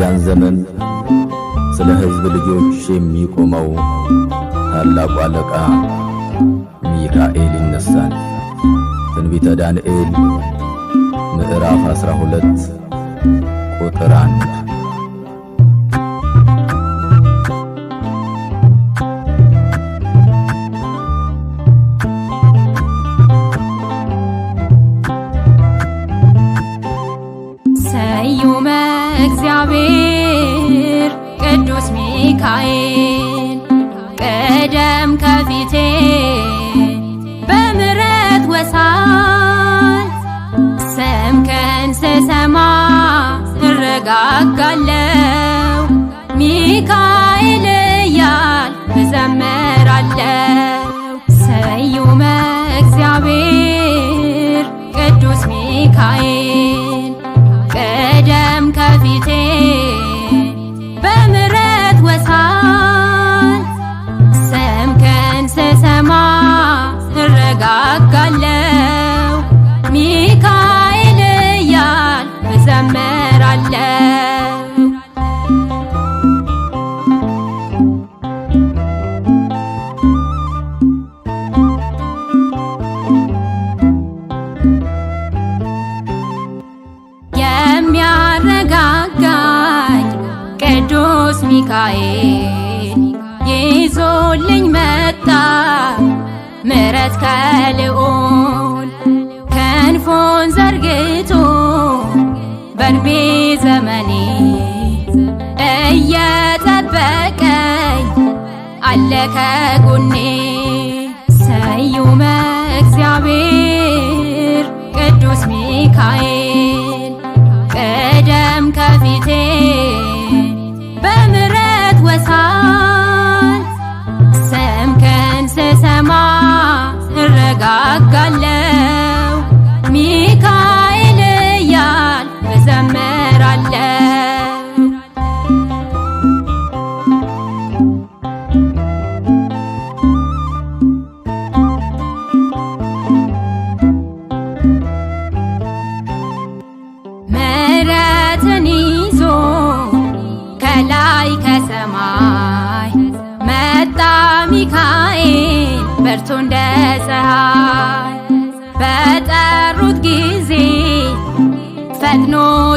በዚያን ዘመን ስለ ሕዝብ ልጆች የሚቆመው ታላቁ አለቃ ሚካኤል ይነሳል። ትንቢተ ዳንኤል ምዕራፍ 12 ቁጥር 1 እግዚአብሔር ቅዱስ ሚካኤል ቀደም ከፊቴ በምረት ወሳል ስምህን ስሰማ እረጋጋለው ሚካኤል እያል እዘምራለሁ ቅዱስ ሚካኤል ይዞልኝ መጣ ምሕረት ከልዑል ከንፎን ዘርግቶ በእድሜ ዘመኔ እየጠበቀኝ አለ ከጎኔ ሰዩመ እግዚአብሔር ቅዱስ ሚካኤል እዋጋለው ሚካኤል እያል እዘምራለው ምሕረትን ይዞ ከላይ ከሰማይ መጣ ሚካኤል በርቶ እንደ ፀሐይ በጠሩት ጊዜ ፈጥኖ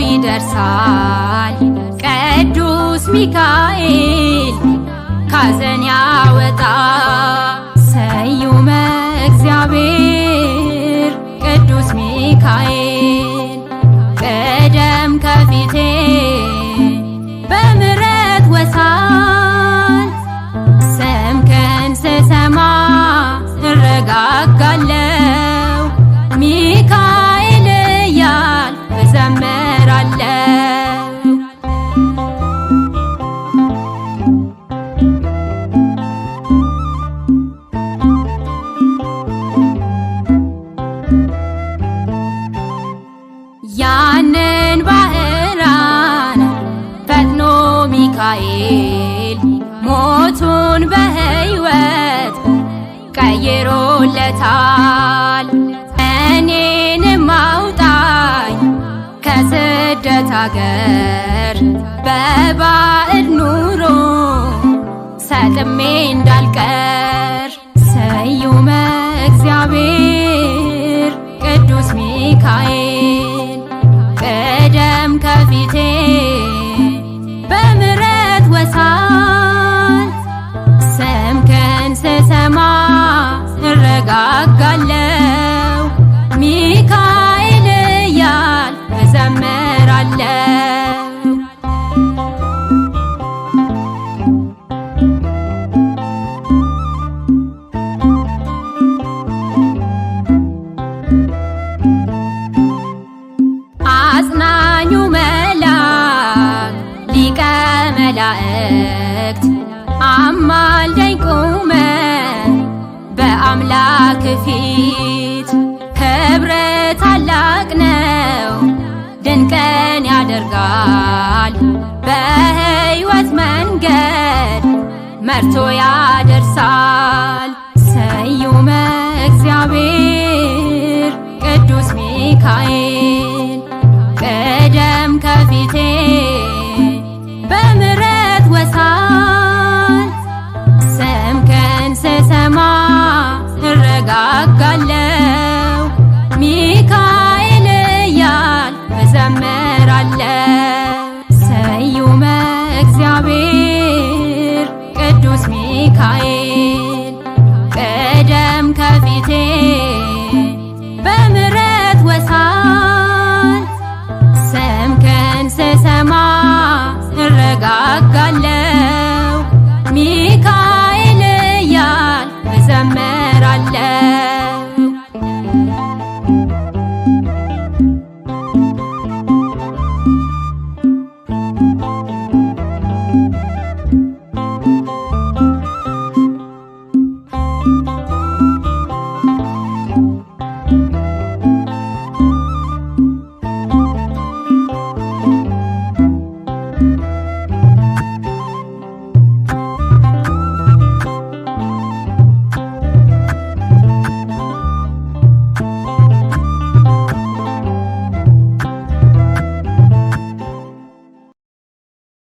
ይደርሳል። ቅዱስ ሚካኤል ካዘን ያወጣ ስዩመ እግዚአብሔር ቅዱስ ሚካኤል ቀደም ከፊቴ በምረት ወሳ Cala ሆኖለታል። እኔንም አውጣኝ ከስደት አገር በባዕድ ኑሮ ሰጥሜ እንዳልቀር። ስዩመ እግዚአብሔር ቅዱስ ሚካኤል ቅደም ከፊቴ አማልደኝ ቁመ በአምላክ ፊት ክብረ ታላቅ ነው ድንቅን ያደርጋል በሕይወት መንገድ መርቶ ያደርሳል ስዩመ እግዚአብሔር ቅዱስ ሚካኤል ቀደም ከፊቴ gaga